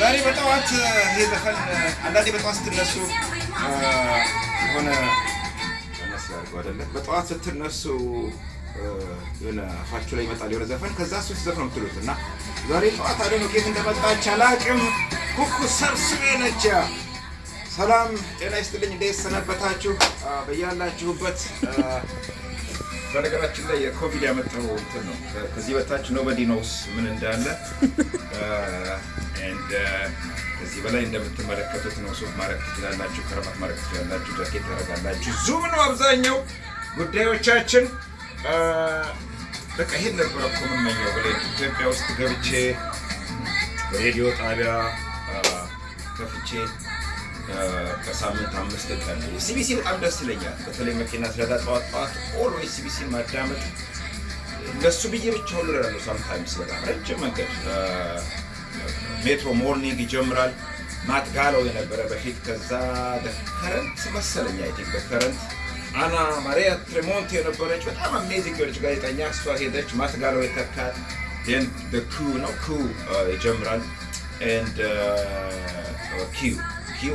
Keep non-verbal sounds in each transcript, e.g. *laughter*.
ዛሬ በጠዋት ይሄ ዘፈን አንዳንዴ በጠዋት ስትነሱ የሆነ በጠዋት ስትነሱ የሆነ አፋችሁ ላይ ይመጣል የሆነ ዘፈን ከዛ እሱ ሲዘፍን ነው የምትሉት እና ዛሬ ጠዋት አደኖ ኬት እንደመጣች አላቅም ኩኩ ሰብስቤ ነች። ሰላም ጤና ይስጥልኝ። እንደሰነበታችሁ በያላችሁበት በነገራችን ላይ የኮቪድ ያመጣው እንትን ነው። ከዚህ በታች ኖበዲ ኖውስ ምን እንዳለ *laughs* uh, ከዚህ በላይ እንደምትመለከቱት ነው። ሱፍ ማድረግ ትችላላችሁ፣ ከረባት ማድረግ ትችላላችሁ፣ ጃኬት ታደርጋላችሁ። ዙም ነው አብዛኛው ጉዳዮቻችን። uh, በቃ ይሄን ነበረ እኮ የምመኘው ብላ ኢትዮጵያ ውስጥ ገብቼ ሬዲዮ ጣቢያ uh, ከፍቼ ከሳምንት አምስት ቀን ሲቢሲ በጣም ደስ ይለኛል። በተለይ መኪና ስለዳ ጠዋት ጠዋት ኦልዌይስ ሲቢሲ ማዳመጥ ለሱ ብዬ ብቻ ሁሉ እላለሁ። ሳምታይምስ በጣም ረጅም መንገድ ሜትሮ ሞርኒንግ ይጀምራል። ማትጋለው የነበረ በፊት ከዛ ደከረንት መሰለኛ አይ ቲንክ ደከረንት አና ማሪያ ትሪሞንት የነበረች በጣም አሜዚንግ የሆነች ጋዜጠኛ እሷ ሄደች። ማትጋለው የተካት ን ኩ ነው ኩ ይጀምራል ኤንድ ኪዩ ኪዮ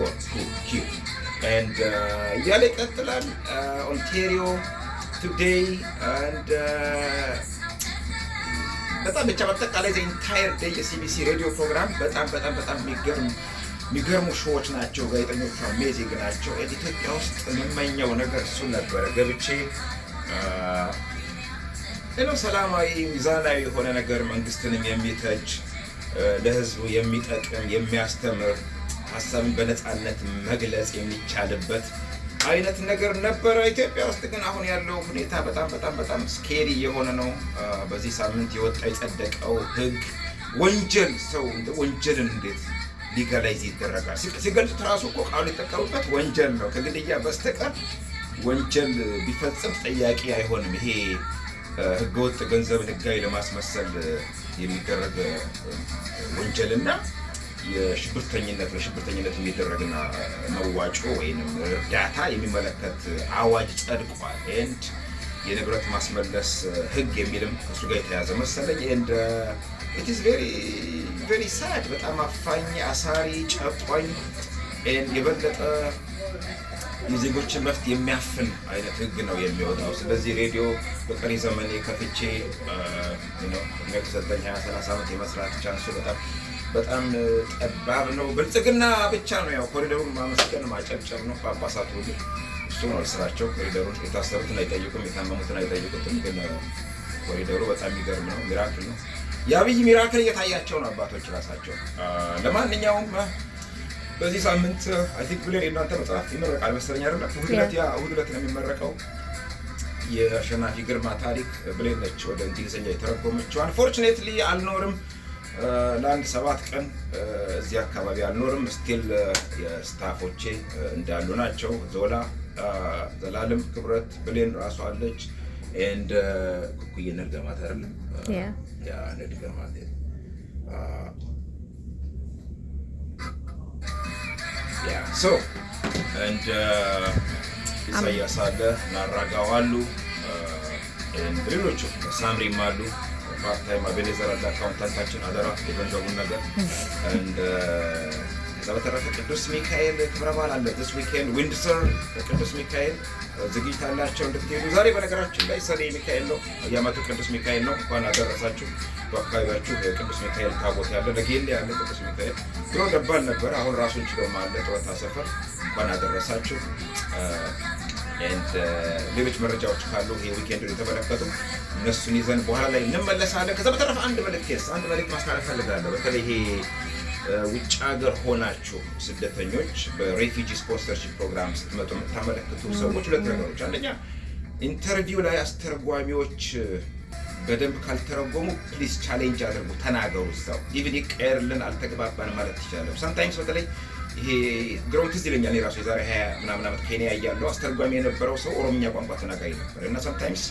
ኪዮ እያለ ይቀጥላል። ኦንቴሪዮ ቱዴይ በጣም ብቻ በአጠቃላይ ኢንታየር ዴይ የሲቢሲ ሬዲዮ ፕሮግራም በጣም በጣም በጣም የሚገርም የሚገርሙ ሾዎች ናቸው። ጋዜጠኞቹ አሜዚንግ ናቸው። ኢትዮጵያ ውስጥ የምመኘው ነገር እሱ ነበረ። ገብቼ ሌላው uh, ሰላማዊ ሚዛናዊ የሆነ ነገር መንግስትንም የሚተች uh, ለህዝቡ የሚጠቅም የሚያስተምር ሀሳብን በነፃነት መግለጽ የሚቻልበት አይነት ነገር ነበረ። ኢትዮጵያ ውስጥ ግን አሁን ያለው ሁኔታ በጣም በጣም በጣም ስኬሪ የሆነ ነው። በዚህ ሳምንት የወጣ የጸደቀው ህግ ወንጀል ሰው ወንጀልን እንዴት ሊገላይዝ ይደረጋል? ሲገልጹት ራሱ እኮ ቃሉ የጠቀሙበት ወንጀል ነው። ከግድያ በስተቀር ወንጀል ቢፈጽም ተጠያቂ አይሆንም። ይሄ ህገወጥ ገንዘብን ሕጋዊ ለማስመሰል የሚደረግ ወንጀልና የሽብርተኝነት ለሽብርተኝነት የሚደረግና መዋጮ ወይም እርዳታ የሚመለከት አዋጅ ጸድቋል። ኤንድ የንብረት ማስመለስ ህግ የሚልም እሱ ጋር የተያዘ መሰለኝ። ኤንድ ኢት ኢዝ ቬሪ ቬሪ ሳድ በጣም አፋኝ፣ አሳሪ፣ ጨቋኝ የበለጠ የዜጎችን መፍት የሚያፍን አይነት ህግ ነው የሚወጣው። ስለዚህ ሬዲዮ በቀሪ ዘመኔ ከፍቼ የሚያሰጠኝ ሀያ ሰላሳ ዓመት የመስራት ቻንሱ በጣም በጣም ጠባብ ነው። ብልጽግና ብቻ ነው ያው ኮሪደሩን ማመስገን ማጨብጨብ ነው። ጳጳሳት ሁሉ እሱ ነው ስራቸው። ኮሪደሩን የታሰሩትን አይጠይቁም፣ የታመሙትን አይጠይቁትም። ግን ኮሪደሩ በጣም የሚገርም ነው። ሚራክል ነው። የአብይ ሚራክል እየታያቸው ነው አባቶች ራሳቸው። ለማንኛውም በዚህ ሳምንት አይ ቲንክ ብሌን የእናንተ መጽሐፍ ይመረቃል መሰለኝ አይደለ? እሑድ ዕለት ያ እሑድ ዕለት ነው የሚመረቀው። የአሸናፊ ግርማ ታሪክ ብሌን ነች ወደ እንግሊዝኛ የተረጎመችው። አንፎርችኔትሊ አልኖርም ለአንድ ሰባት ቀን እዚህ አካባቢ አልኖርም። ስቲል የስታፎቼ እንዳሉ ናቸው። ዞላ ዘላለም፣ ክብረት፣ ብሌን ራሱ አለች። ንድ ኩኩይ ነድገማት አይደለም ነድገማት ሶ እንደ ኢሳያስ አለ ናራጋው አሉ ሌሎቹ ሳምሪም አሉ ፓርት ታይም አቤኔዘር አለ አካውንታንታችን፣ አደራ የገንዘቡን ነገር ከዛ በተረፈ ቅዱስ ሚካኤል ክብረ በዓል አለ ስ ዊኬንድ ዊንድሰር ቅዱስ ሚካኤል ዝግጅት አላቸው እንድትሄዱ። ዛሬ በነገራችን ላይ ሰኔ ሚካኤል ነው፣ የዓመቱ ቅዱስ ሚካኤል ነው። እንኳን አደረሳችሁ። በአካባቢያችሁ ቅዱስ ሚካኤል ታቦት ያለ ለጌል ያለ ቅዱስ ሚካኤል ድሮ ደባል ነበረ፣ አሁን ራሱን ችሎ ማለ ጡረታ ሰፈር። እንኳን አደረሳችሁ። ሌሎች መረጃዎች ካሉ ይሄ ዊኬንድ የተመለከቱ እነሱን ይዘን በኋላ ላይ እንመለሳለን። ከዛ በተረፈ አንድ መልእክት ስ አንድ መልክ ማስተላለፍ ፈልጋለሁ። በተለይ ይሄ ውጭ ሀገር ሆናችሁ ስደተኞች በሬፊጂ ስፖንሰርሺፕ ፕሮግራም ስትመጡ የምታመለክቱ ሰዎች ሁለት ነገሮች፣ አንደኛ ኢንተርቪው ላይ አስተርጓሚዎች በደንብ ካልተረጎሙ ፕሊስ ቻሌንጅ አድርጉ፣ ተናገሩ። እዛው ኢቭን ይቀየርልን አልተግባባን ማለት ትችላለሁ። ሳምታይምስ በተለይ ይሄ ድሮም ትዝ ይለኛል የራሱ የዛሬ ሀያ ምናምን ዓመት ኬንያ እያለሁ አስተርጓሚ የነበረው ሰው ኦሮምኛ ቋንቋ ተናጋሪ ነበር እና ሰምታይምስ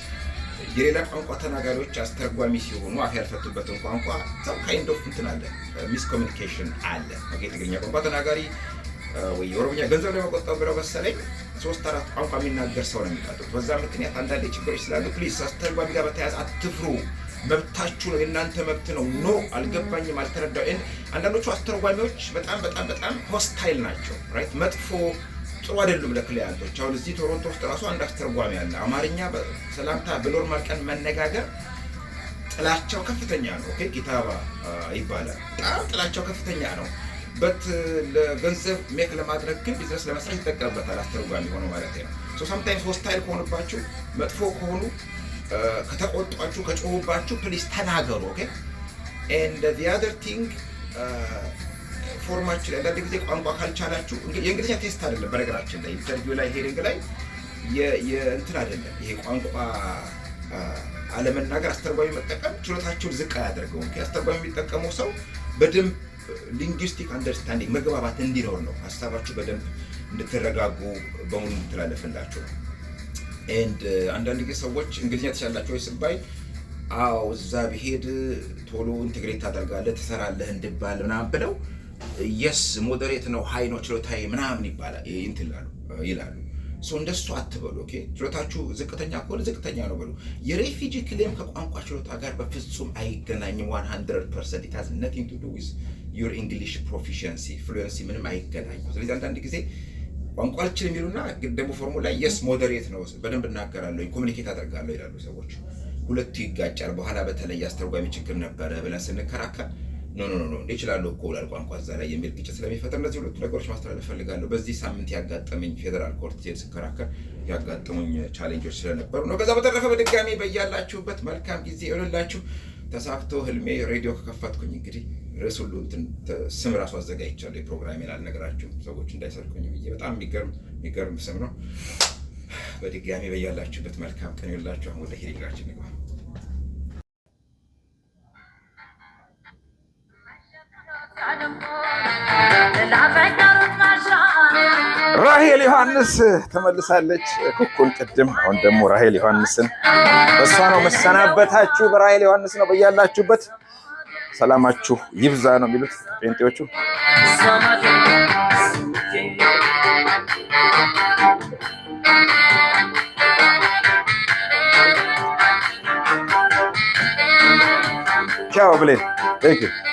የሌላ ቋንቋ ተናጋሪዎች አስተርጓሚ ሲሆኑ አፍ ያልፈቱበትን ቋንቋ ሰው ካይንድ ኦፍ እንትን አለ፣ ሚስ ኮሚኒኬሽን አለ። የትግርኛ ቋንቋ ተናጋሪ ወይ የኦሮምኛ ገንዘብ ለመቆጠብ ብለው መሰለኝ ሶስት አራት ቋንቋ የሚናገር ሰው ነው የሚቀጡት። በዛ ምክንያት አንዳንድ ችግሮች ስላሉ ፕሊዝ አስተርጓሚ ጋር በተያያዘ አትፍሩ። መብታችሁ ነው፣ የእናንተ መብት ነው። ኖ አልገባኝም፣ አልተረዳው። አንዳንዶቹ አስተርጓሚዎች በጣም በጣም በጣም ሆስታይል ናቸው። ራይት መጥፎ ጥሩ አይደሉም ለክሊያንቶች። አሁን እዚህ ቶሮንቶ ውስጥ ራሱ አንድ አስተርጓሚ ያለ አማርኛ ሰላምታ በኖርማል ቀን መነጋገር ጥላቸው ከፍተኛ ነው። ኦኬ ኪታባ ይባላል። በጣም ጥላቸው ከፍተኛ ነው። በት ለገንዘብ ሜክ ለማድረግ ግን ቢዝነስ ለመስራት ይጠቀምበታል አስተርጓሚ ሆኖ ማለት ነው። ሶ ሳምታይምስ ሆስታይል ከሆኑባችሁ መጥፎ ከሆኑ ከተቆጧችሁ ከጮሁባችሁ ፕሊስ ተናገሩ። ኤንድ ዚ አደር ቲንግ ፎርማችሁ ላይ አንዳንድ ጊዜ ቋንቋ ካልቻላችሁ የእንግሊዝኛ ቴስት አይደለም። በነገራችን ላይ ኢንተርቪው ላይ ሄሪንግ ላይ የእንትን አይደለም ይሄ ቋንቋ አለመናገር አስተርጓሚ መጠቀም ችሎታቸውን ዝቅ አያደርገው። አስተርጓሚ የሚጠቀመው ሰው በደንብ ሊንግዊስቲክ አንደርስታንዲንግ መግባባት እንዲኖር ነው። ሀሳባችሁ በደንብ እንድትረጋጉ በሙሉ እንድትላለፍላችሁ ነው። Uh, አንዳንድ ጊዜ ሰዎች እንግሊዝኛ ትችላላችሁ ወይ ስባይ፣ አዎ እዛ ብሄድ ቶሎ ኢንቴግሬት ታደርጋለህ ትሰራለህ እንድባል ምናምን ብለው የስ ሞዴሬት ነው ሀይ ነው ችሎታዬ ምናምን ይባላል ይላሉ። እንደሱ አትበሉ። ኦኬ ችሎታችሁ ዝቅተኛ ከሆነ ዝቅተኛ ነው በሉ። የሬፊጂ ክሌም ከቋንቋ ችሎታ ጋር በፍጹም አይገናኝም። 100 ፐርሰንት ኢት ሃዝ ነቲንግ ቱ ዱ ዊዝ ዩር ኢንግሊሽ ፕሮፊሽንሲ ፍሉዌንሲ ምንም አይገናኝም። ስለዚህ አንዳንድ ጊዜ ቋንቋ አልችልም የሚሉና ደግሞ ፎርሙ ላይ የስ ሞደሬት ነው በደንብ እናገራለሁ ኮሚኒኬት አደርጋለሁ ይላሉ ሰዎች። ሁለቱ ይጋጫል። በኋላ በተለይ አስተርጓሚ ችግር ነበረ ብለን ስንከራከር ኖ ኖ ኖ እንደ ይችላሉ እኮ ብላል ቋንቋ እዛ ላይ የሚል ግጭት ስለሚፈጥር እነዚህ ሁለቱ ነገሮች ማስተላለፍ ፈልጋለሁ። በዚህ ሳምንት ያጋጠመኝ ፌዴራል ኮርት ስከራከር ያጋጠሙኝ ቻሌንጆች ስለነበሩ ነው። ከዛ በተረፈ በድጋሚ በያላችሁበት መልካም ጊዜ ይሆንላችሁ። ተሳክቶ ህልሜ ሬዲዮ ከከፈትኩኝ እንግዲህ ርዕስ ሁሉ ስም ራሱ አዘጋጅቻለሁ። የፕሮግራሜን አልነግራችሁም ሰዎች እንዳይሰርቁኝ ብዬ። በጣም የሚገርም ስም ነው። በድጋሚ በያላችሁበት መልካም ቀን ይውላችሁ። አሁን ወደ ሄሪግራችን ንግባ። ራሄል ዮሐንስ ተመልሳለች። ኩኩን ቅድም፣ አሁን ደግሞ ራሄል ዮሐንስን በእሷ ነው መሰናበታችሁ። በራሄል ዮሐንስ ነው በያላችሁበት ሰላማችሁ ይብዛ ነው የሚሉት ጴንጤዎቹ። ቻው ብሌን ቴንክ ዩ